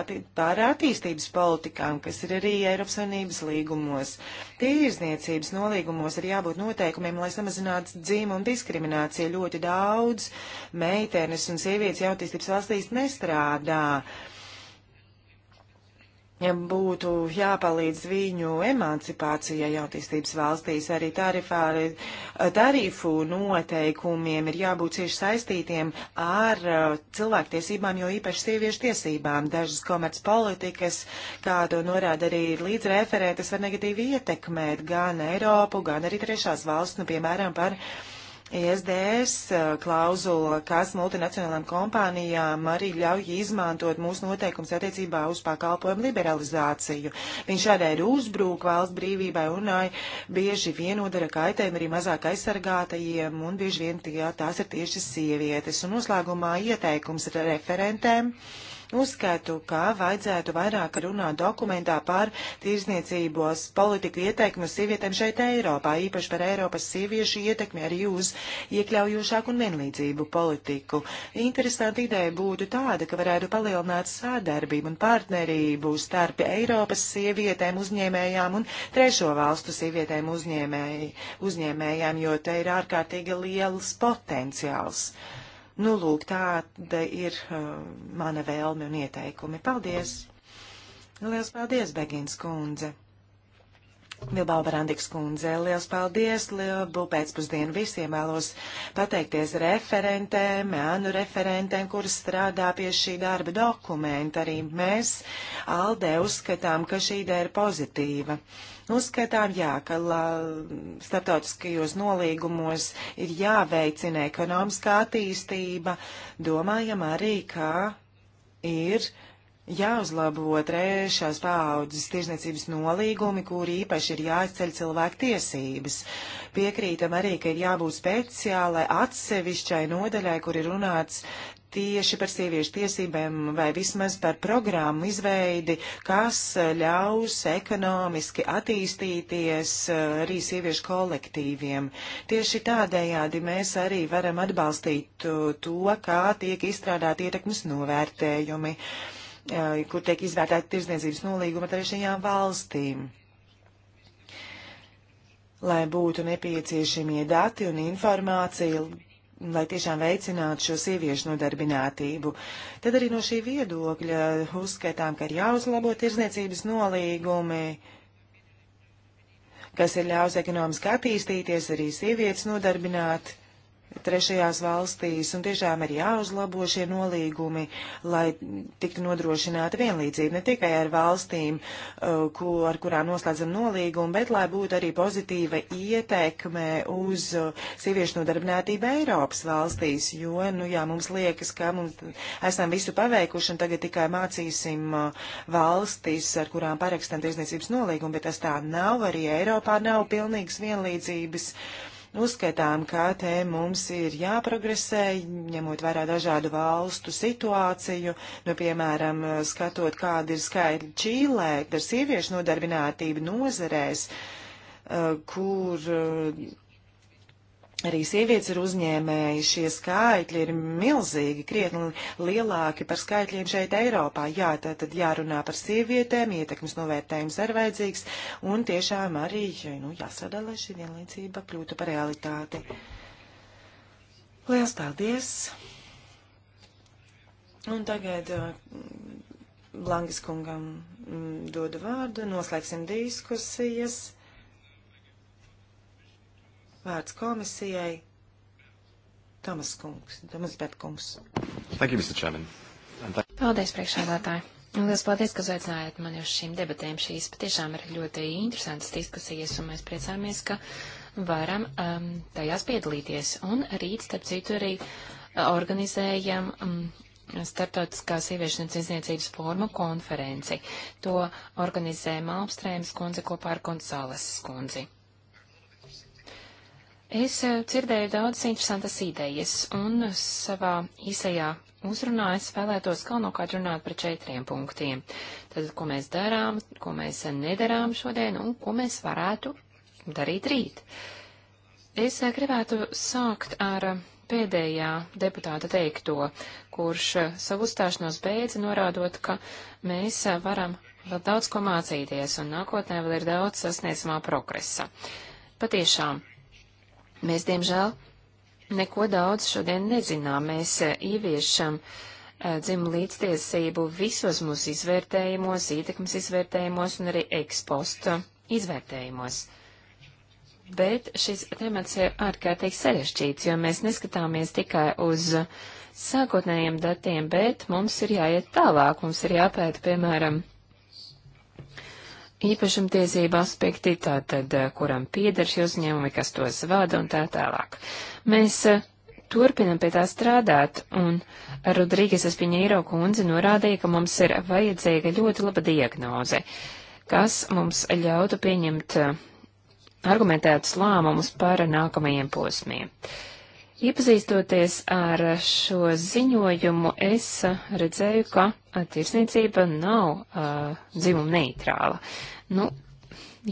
atti par attīstības politikām, kas ir arī Eiropas Savienības līgumos. Tīrzniecības nolīgumos ir jābūt noteikumiem, lai samazinātu dzimumu diskrimināciju. Ļoti daudz meitenes un sievietes jau attīstības valstīs nestrādā. Ja būtu jāpalīdz viņu emancipācijai attīstības valstīs, arī tarifāri, tarifu noteikumiem ir jābūt cieši saistītiem ar uh, cilvēktiesībām, jo īpaši sieviešu tiesībām. Dažas komerc politikas, kā to norāda arī līdz referētas, var negatīvi ietekmēt gan Eiropu, gan arī trešās valsts, nu, piemēram, par uh, ISDS e eh, klauzula, kas multinacionālām kompānijām arī ļauj izmantot mūsu noteikums attiecībā uz pakalpojumu liberalizāciju. Viņš šādai ir uzbrūk valsts brīvībai un bieži vien nodara kaitējumu arī mazāk aizsargātajiem un bieži vien tie, tās ir tieši sievietes. Un noslēgumā ieteikums referentēm. Uh, Uzskatu, ka vajadzētu vairāk runāt dokumentā par tirzniecības politiku ieteikumu sievietēm šeit Eiropā, īpaši par Eiropas sieviešu ietekmi arī uz iekļaujošāku un vienlīdzību politiku. Interesanti ideja būtu tāda, ka varētu palielināt sadarbību un partnerību starp Eiropas sievietēm uzņēmējām un trešo valstu sievietēm uzņēmēji, uzņēmējām, jo te ir ārkārtīgi liels potenciāls. Uh, Nu, lūk, tāda ir uh, mana vēlme un ieteikumi. Paldies! Lielas paldies, Begins kundze! Vilbā Varandiks kundze, liels paldies, labu pēcpusdienu visiem vēlos pateikties referentēm, ēnu referentēm, kuras strādā pie šī darba dokumenta. Arī mēs, Alde, uzskatām, ka šī ideja ir pozitīva. Uzskatām, jā, ka la, starptautiskajos nolīgumos ir jāveicina ekonomiskā attīstība. Domājam arī, ka ir jāuzlabo trešās paaudzes tirzniecības nolīgumi, kur īpaši ir jāizceļ cilvēku tiesības. Piekrītam arī, ka ir jābūt speciālai atsevišķai nodaļai, kur ir runāts tieši par sieviešu tiesībām vai vismaz par programmu izveidi, kas ļaus ekonomiski attīstīties eh, arī sieviešu kolektīviem. Tieši tādējādi mēs arī varam atbalstīt eh, to, kā tiek izstrādāti ietekmes novērtējumi. Uh, kur tiek izvērtēta tirsniecības nolīguma ar trešajām valstīm lai būtu nepieciešamie dati un informācija, lai tiešām veicinātu šo sieviešu nodarbinātību. Tad arī no šī viedokļa uzskatām, ka ir jāuzlabo tirzniecības nolīgumi, kas ir ļaus ekonomiski attīstīties, arī sievietes nodarbināt trešajās valstīs, un tiešām ir jāuzlabo šie nolīgumi, lai tiktu nodrošināta vienlīdzība ne tikai ar valstīm, uh, ku, ar kurām noslēdzam nolīgumu, bet lai būtu arī pozitīva ietekme uz uh, sieviešu nodarbinātību Eiropas valstīs, jo, nu jā, mums liekas, ka mums esam visu paveikuši, un tagad tikai mācīsim uh, valstis, ar kurām parakstam tiesniecības nolīgumu, bet tas tā nav, arī Eiropā nav pilnīgas vienlīdzības. Uh, Uzskatām, ka te mums ir jāprogresē, ņemot vērā dažādu valstu situāciju, nu, piemēram, skatot, kāda ir skaitļa Čīlē, ar sieviešu nodarbinātību nozerēs, eh, kur eh, Arī sievietes ir uzņēmēji, šie skaitļi ir milzīgi, krietni lielāki par skaitļiem šeit Eiropā. Jā, tad, tad jārunā par sievietēm, ietekmes novērtējums ir vajadzīgs, un tiešām arī nu, jāsada, lai šī vienlīdzība kļūtu par realitāti. Lielas paldies! Un tagad uh, Langas kungam mm, dodu vārdu, noslēgsim diskusijas. Vārds komisijai. Tomas Kungs. Tomas Betkungs. Thank you, Mr. Chairman. Paldies, priekšsēdētāji. Lielas paldies, ka uzaicinājāt mani uz šīm debatēm. Šīs patiešām ir ļoti interesantas diskusijas, un mēs priecāmies, ka varam um, tajās piedalīties. Un rīt, starp citu, arī uh, organizējam um, Startautiskā sieviešu izniecības forma konferenci. To organizē Malmstrēmas kundze kopā ar Gonzāles kundzi. Es eh, dzirdēju daudzas interesantas idejas, un savā īsajā uzrunā es vēlētos galvenokārt runāt par četriem punktiem. Tad, ko mēs darām, ko mēs eh, nedarām šodien, un ko mēs varētu darīt rīt. Es eh, gribētu sākt ar pēdējā deputāta teikto, kurš savu uzstāšanos beidza norādot, ka mēs varam vēl daudz ko mācīties un nākotnē vēl ir daudz sasniedzamā progresa. Patiešām, Mēs, diemžēl, neko daudz šodien nezinām. Mēs eh, ieviešam eh, dzimumu līdztiesību visos mūsu izvērtējumos, ietekmes izvērtējumos un arī ekspostu izvērtējumos. Bet šis temats ir ārkārtīgi sarežģīts, jo mēs neskatāmies tikai uz sākotnējiem datiem, bet mums ir jāiet tālāk, mums ir jāpēta, piemēram, īpašumtiesība aspekti, tātad, eh, kuram pieder šie uzņēmumi, kas tos vada un tā tālāk. Mēs eh, turpinam pie tā strādāt, un Rodrīgas Espiņēro kundze norādīja, ka mums ir vajadzīga ļoti laba diagnoze, kas mums ļautu pieņemt eh, argumentētus lēmumus par nākamajiem posmiem. Uh, Iepazīstoties ar šo ziņojumu, es redzēju, ka tirsniecība nav uh, dzimuma neitrāla. Nu,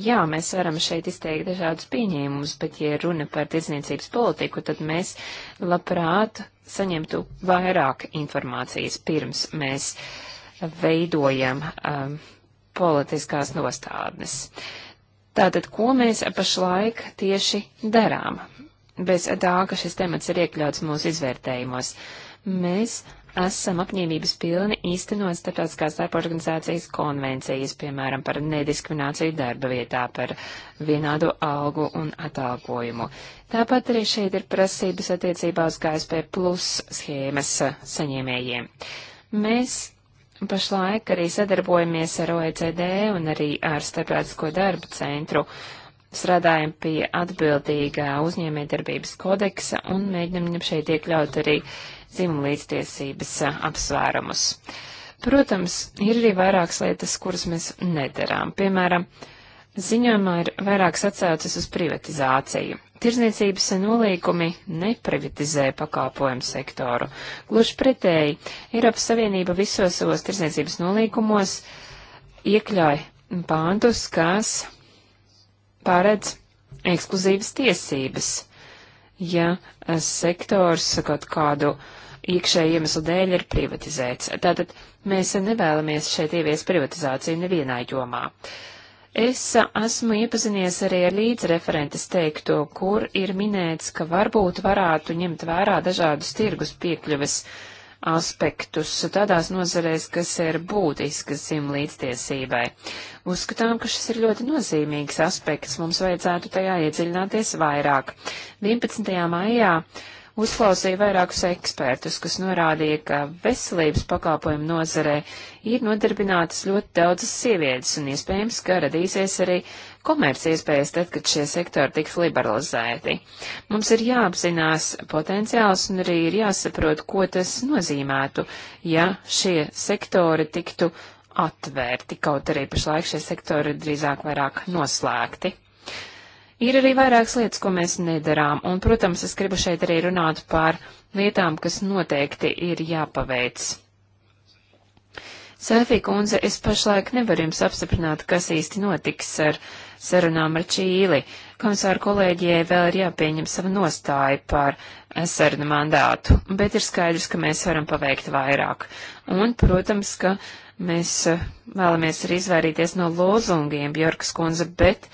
jā, mēs varam šeit izteikt dažādus pieņēmumus, bet, ja runa par tirsniecības politiku, tad mēs labprāt saņemtu vairāk informācijas pirms mēs veidojam um, politiskās nostādnes. Tātad, ko mēs pašlaik tieši darām? bez tā, ka šis temats ir iekļauts mūsu izvērtējumos. Mēs esam apņēmības pilni īstenot starptautiskās darba organizācijas konvencijas, piemēram, par nediskrimināciju darba vietā, par vienādu algu un atalgojumu. Tāpat arī šeit ir prasības attiecībā uz GSP plus schēmas saņēmējiem. Mēs pašlaik arī sadarbojamies ar OECD un arī ar Starptautisko darba centru. Uh, strādājam pie atbildīgā uzņēmējdarbības kodeksa un mēģinam šeit iekļaut arī dzimumlīdztiesības apsvērumus. Protams, ir arī vairākas lietas, kuras mēs nedarām. Piemēram, ziņojumā ir vairākas atsaucas uz privatizāciju. Tirzniecības nolīgumi neprivatizē pakāpojumu sektoru. Gluži pretēji, Eiropas Savienība visos savos tirzniecības nolīgumos iekļauj pāntus, kas paredz ekskluzīvas tiesības. Ja eh, sektors kaut kādu iekšēju iemeslu dēļ ir privatizēts. Tātad mēs nevēlamies šeit ievies privatizāciju nevienā jomā. Es eh, esmu iepazinies arī ar līdzreferentes teikto, kur ir minēts, ka varbūt varētu ņemt vērā dažādus tirgus piekļuves uh, aspektus tādās nozarēs, kas ir būtiskas zim līdztiesībai. Uzskatām, ka šis ir ļoti nozīmīgs aspekts, mums vajadzētu tajā iedziļināties vairāk. 11. maijā uzklausīja vairākus ekspertus, kas norādīja, ka veselības pakalpojumu nozarē ir nodarbinātas ļoti daudzas sievietes, un iespējams, ka radīsies arī komerci iespējas tad, kad šie sektori tiks liberalizēti. Mums ir jāapzinās potenciāls un arī ir jāsaprot, ko tas nozīmētu, ja šie sektori tiktu atvērti, kaut arī pašlaik šie sektori ir drīzāk vairāk noslēgti. Ir arī vairākas lietas, ko mēs nedarām, un, protams, es gribu šeit arī runāt par lietām, kas noteikti ir jāpaveic. Sēfī kundze, es pašlaik nevaru jums apstiprināt, kas īsti notiks ar sarunām ar Čīli. Komisāru kolēģijai vēl ir jāpieņem sava nostāja par sarunu mandātu, bet ir skaidrs, ka mēs varam paveikt vairāk. Un, protams, ka mēs eh, vēlamies arī izvairīties no lozungiem, Bjorkas kundze, bet.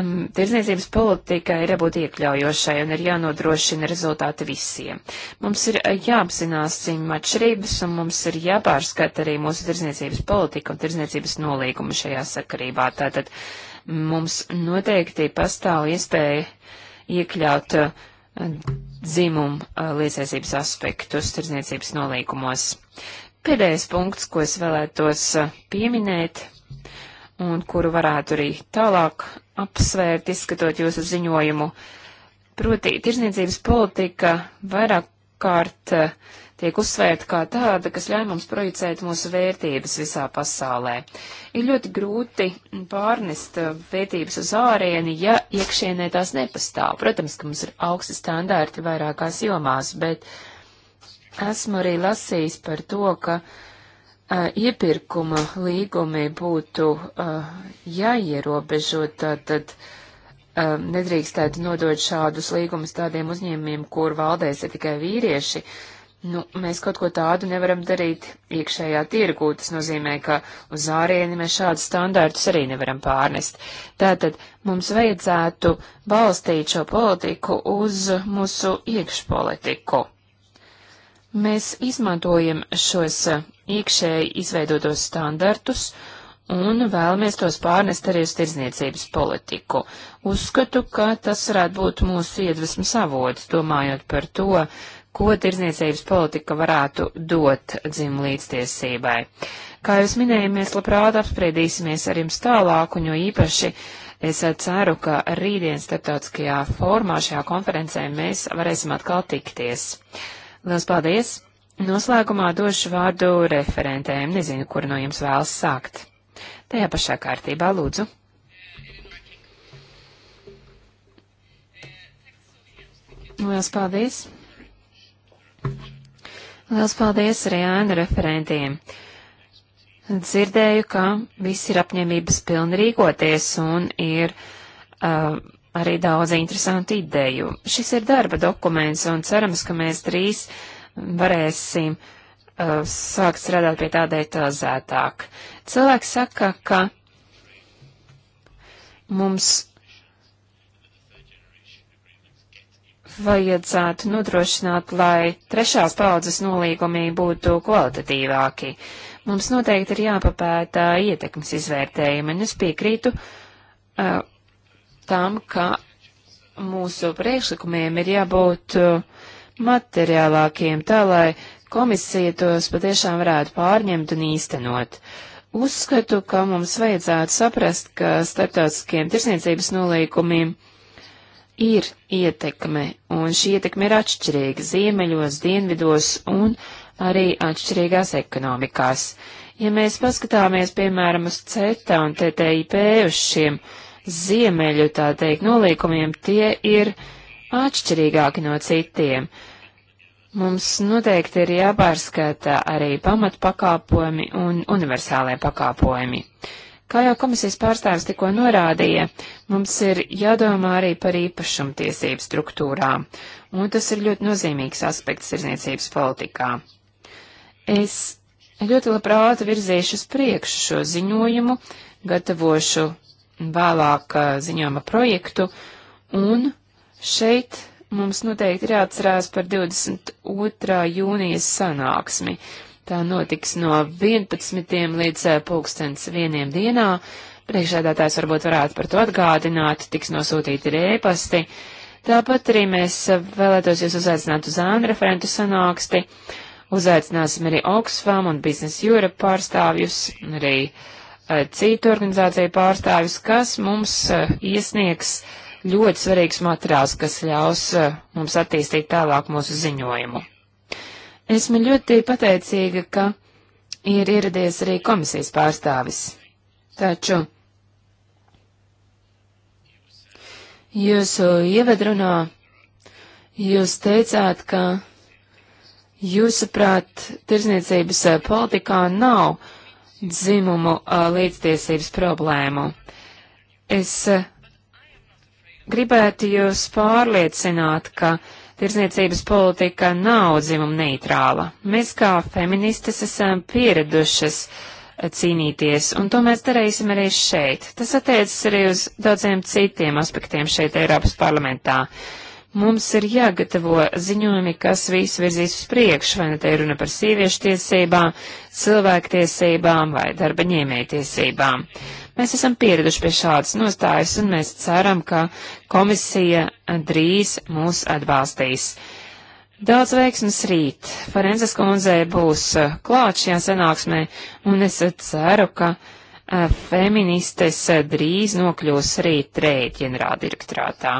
Um, Tirzniecības politika ir jābūt iekļaujošai un ir jānodrošina rezultāti visiem. Mums ir eh, jāapzinās cīņuma atšķirības un mums ir jāpārskata arī mūsu tirzniecības politika un tirzniecības nolīguma šajā sakarībā. Tātad Mums noteikti pastāv iespēja iekļaut uh, dzimumu uh, līdzsaistības aspektus tirdzniecības nolīkumos. Pēdējais punkts, ko es vēlētos uh, pieminēt un kuru varētu arī tālāk apsvērt, izskatot jūsu ziņojumu, proti tirdzniecības politika vairāk kārt uh, tiek uzsvērta kā tāda, kas ļauj mums projicēt mūsu vērtības visā pasaulē. Ir ļoti grūti pārnest vērtības uz ārieni, ja iekšienē tās nepastāv. Protams, ka mums ir augsti standārti vairākās jomās, bet esmu arī lasījis par to, ka uh, iepirkuma līgumi būtu uh, jāierobežot, tad uh, nedrīkstētu nodot šādus līgumus tādiem uzņēmumiem, kur valdēs ir tikai vīrieši. Uh, Nu, mēs kaut ko tādu nevaram darīt iekšējā tirgū. Tas nozīmē, ka uz ārieni mēs šādus standārtus arī nevaram pārnest. Tātad mums vajadzētu balstīt šo politiku uz mūsu iekšpolitiku. Mēs izmantojam šos iekšēji izveidotos standartus un vēlamies tos pārnest arī uz tirzniecības politiku. Uzskatu, ka tas varētu būt mūsu iedvesmas avots, domājot par to, ko tirzniecības politika varētu dot dzimu līdztiesībai. Kā jūs minējāt, mēs labprāt apspriedīsimies ar jums tālāk, un jo īpaši es ceru, ka rītdien starptautiskajā formā šajā konferencē mēs varēsim atkal tikties. Lielas paldies! Noslēgumā došu vārdu referentēm, nezinu, kur no jums vēlas sākt. Tajā pašā kārtībā lūdzu. Lielas paldies! Liels paldies arī ēnu referentiem. Dzirdēju, ka visi ir apņēmības pilni rīkoties un ir uh, arī daudz interesantu ideju. Šis ir darba dokuments un cerams, ka mēs drīz varēsim uh, sākt strādāt pie tā detalizētāk. Cilvēki saka, ka mums vajadzētu nodrošināt, lai trešās paudzes nolīgumi būtu kvalitatīvāki. Mums noteikti ir jāpapēta ietekmes izvērtējumi, un es piekrītu uh, tam, ka mūsu priekšlikumiem ir jābūt uh, materiālākiem, tā lai komisija tos patiešām varētu pārņemt un īstenot. Uzskatu, ka mums vajadzētu saprast, ka starptautiskiem tirsniecības nolīkumiem uh, ir ietekme, un šī ietekme ir atšķirīga ziemeļos, dienvidos un arī atšķirīgās ekonomikās. Ja mēs paskatāmies, piemēram, uz CETA un TTIP uz šiem ziemeļu, tā teikt, nolīkumiem, tie ir atšķirīgāki no citiem. Mums noteikti ir jāpārskata arī pamatpakāpojumi un universālai pakāpojumi. pakāpojumi. Kā jau komisijas pārstāvis tikko norādīja, mums ir jādomā arī par īpašumtiesību struktūrām, un tas ir ļoti nozīmīgs aspekts tirzniecības politikā. Es ļoti labprāt virzīšu uz priekšu šo ziņojumu, gatavošu vēlāk uh, ziņojuma projektu, un šeit mums noteikti ir jāatcerās par 22. jūnijas sanāksmi. Uh, Tā notiks no 11. līdz eh, pulkstens vieniem dienā. Priekšēdātājs varbūt varētu par to atgādināt, tiks nosūtīti arī ēpasti. Tāpat arī mēs eh, vēlētos jūs uzaicināt uz ānu referentu sanāksti. Uzaicināsim arī Oxfam un Business Europe pārstāvjus, arī eh, citu organizāciju pārstāvjus, kas mums iesniegs ļoti svarīgs materiāls, kas ļaus mums attīstīt tālāk mūsu ziņojumu. Esmu ļoti pateicīga, ka ir ieradies arī komisijas pārstāvis. Taču jūsu ievadrunā jūs teicāt, ka jūsuprāt tirzniecības politikā nav dzimumu līdztiesības problēmu. Es gribētu jūs pārliecināt, ka uh, tirzniecības politika nav dzimuma neitrāla. Mēs kā feministas esam pieredušas cīnīties, un to mēs darīsim arī šeit. Tas attiecas arī uz daudziem citiem aspektiem šeit Eiropas parlamentā. Mums ir jāgatavo ziņojumi, kas visu virzīs uz priekšu, vai ne nu te ir runa par sieviešu tiesībām, cilvēktiesībām vai darba ņēmēju tiesībām. Mēs esam pieraduši pie šādas nostājas, un mēs ceram, ka komisija drīz mūs atbalstīs. Daudz veiksmes rīt. Forenzes kundzei būs uh, klāt šajā sanāksmē, un es ceru, ka uh, feministes uh, drīz nokļūs rīt rēt ģenerāldirektorātā.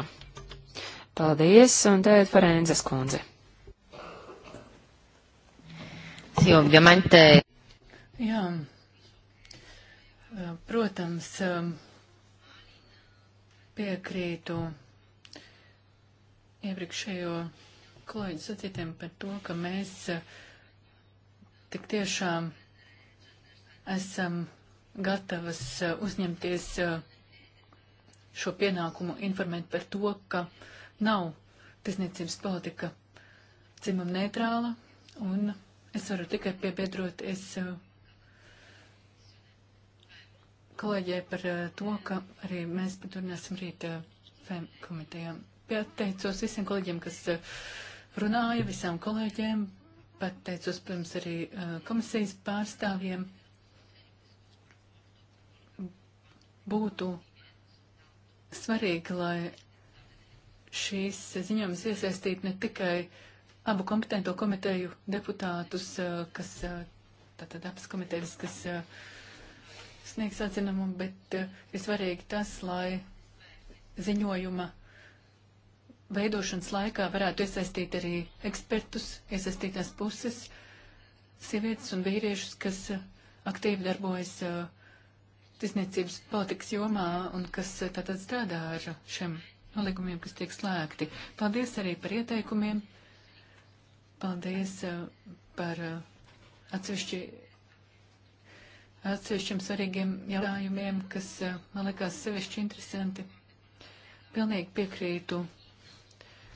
Paldies, un tagad Forenzes kundze. Sì, ovviamente. Jā, Eh, protams, piekrītu iepriekšējo kolēģi sacītiem par to, ka mēs eh, tik tiešām esam gatavas eh, uzņemties šo pienākumu informēt par to, ka nav tiesniecības politika cimam neitrāla, un es varu tikai piebiedroties kolēģē par eh, to, ka arī mēs paturināsim rīt eh, FEM komitejām. Pateicos visiem kolēģiem, kas eh, runāja, visām kolēģiem, pateicos, protams, arī komisijas pārstāvjiem. Būtu svarīgi, lai šīs ziņojums iesaistītu ne tikai abu kompetento komiteju deputātus, kas tātad apas komitejas, kas sniegs atzinumu, bet eh, ir svarīgi tas, lai ziņojuma veidošanas laikā varētu iesaistīt arī ekspertus, iesaistītās puses, sievietes un vīriešus, kas eh, aktīvi darbojas eh, tisniecības politikas jomā un kas tātad strādā ar šiem nolikumiem, kas tiek slēgti. Paldies arī par ieteikumiem. Paldies par atsevišķi atsevišķiem svarīgiem jautājumiem, kas eh, man likās sevišķi interesanti. Pilnīgi piekrītu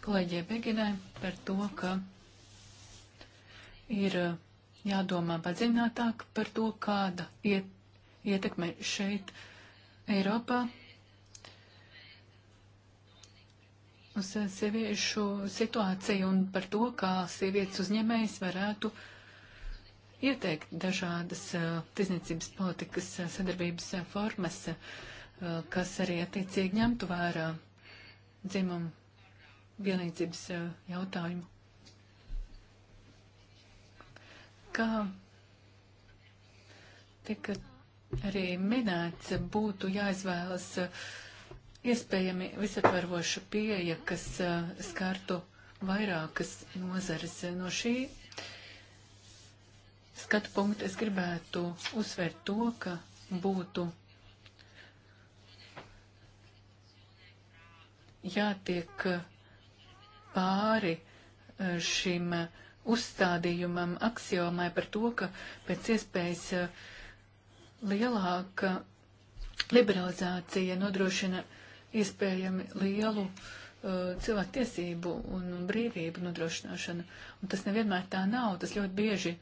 kolēģiem Beginai par to, ka ir eh, jādomā padziļinātāk par to, kāda iet, ietekme šeit Eiropā uz sieviešu situāciju un par to, kā sievietes uzņēmējs varētu uh, ieteikt dažādas tirzniecības politikas sadarbības formas, kas arī attiecīgi ņemtu vērā dzimumu vienlīdzības jautājumu. Kā tika arī minēts, būtu jāizvēlas iespējami visaptvaroša pieeja, kas skartu vairākas nozares. No šī skatu punktu es gribētu uzsvērt to, ka būtu jātiek pāri e, šim uzstādījumam, aksiomai par to, ka pēc iespējas e, lielāka liberalizācija nodrošina iespējami lielu uh, e, cilvēku tiesību un brīvību nodrošināšanu. Un tas nevienmēr tā nav, tas ļoti bieži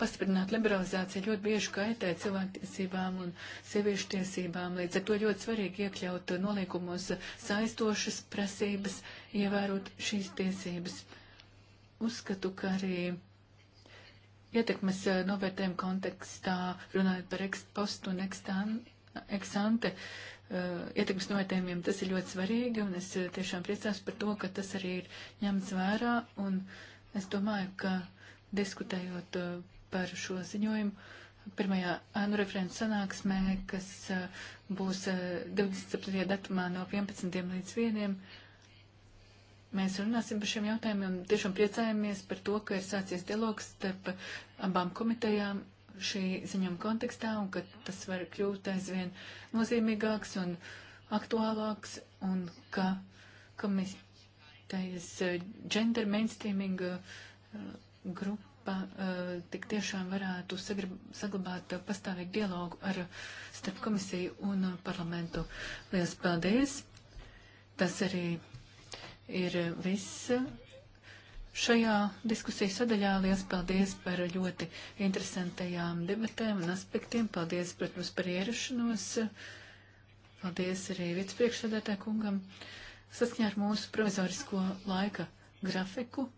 pastiprināta liberalizācija ļoti bieži kaitē cilvēktiesībām un sieviešu tiesībām. Līdz ar to ļoti svarīgi iekļaut noliekumos saistošas prasības, ievērot šīs tiesības. Uzskatu, ka arī ietekmes eh, novērtējuma kontekstā, runājot par ekspostu un eksante, eh, ietekmes novērtējumiem tas ir ļoti svarīgi, un es eh, tiešām priecājos par to, ka tas arī ir ņemts vērā, un es domāju, ka diskutējot uh, par šo ziņojumu. Pirmajā ānu referents sanāksmē, kas uh, būs 27. Uh, datumā no 11. līdz 1. Mēs runāsim par šiem jautājumiem un tiešām priecājamies par to, ka ir sācies dialogs starp abām komitejām šī ziņojuma kontekstā un ka tas var kļūt aizvien nozīmīgāks un aktuālāks un ka komitejas uh, gender mainstreaming grupa pa, eh, tik tiešām varētu sagrib, saglabāt eh, pastāvīgu dialogu ar starp komisiju un eh, parlamentu. Lielas paldies! Tas arī ir viss šajā diskusiju sadaļā. Lielas paldies par ļoti interesantajām debatēm un aspektiem. Paldies, protams, par ierašanos. Paldies arī vicepriekšsēdētāju kungam. Saskaņā ar mūsu provizorisko laika grafiku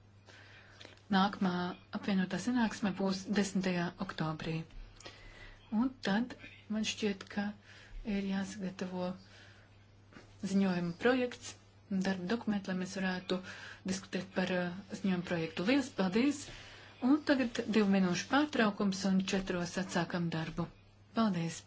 Nākamā apvienotā sanāksme būs 10. oktobrī. Un tad man šķiet, ka ir jāsagatavo ziņojuma projekts, darba dokumenti, lai mēs varētu diskutēt par uh, ziņojuma projektu. Lielas paldies! Un tagad divu minūšu pārtraukums un četros atsākam darbu. Paldies!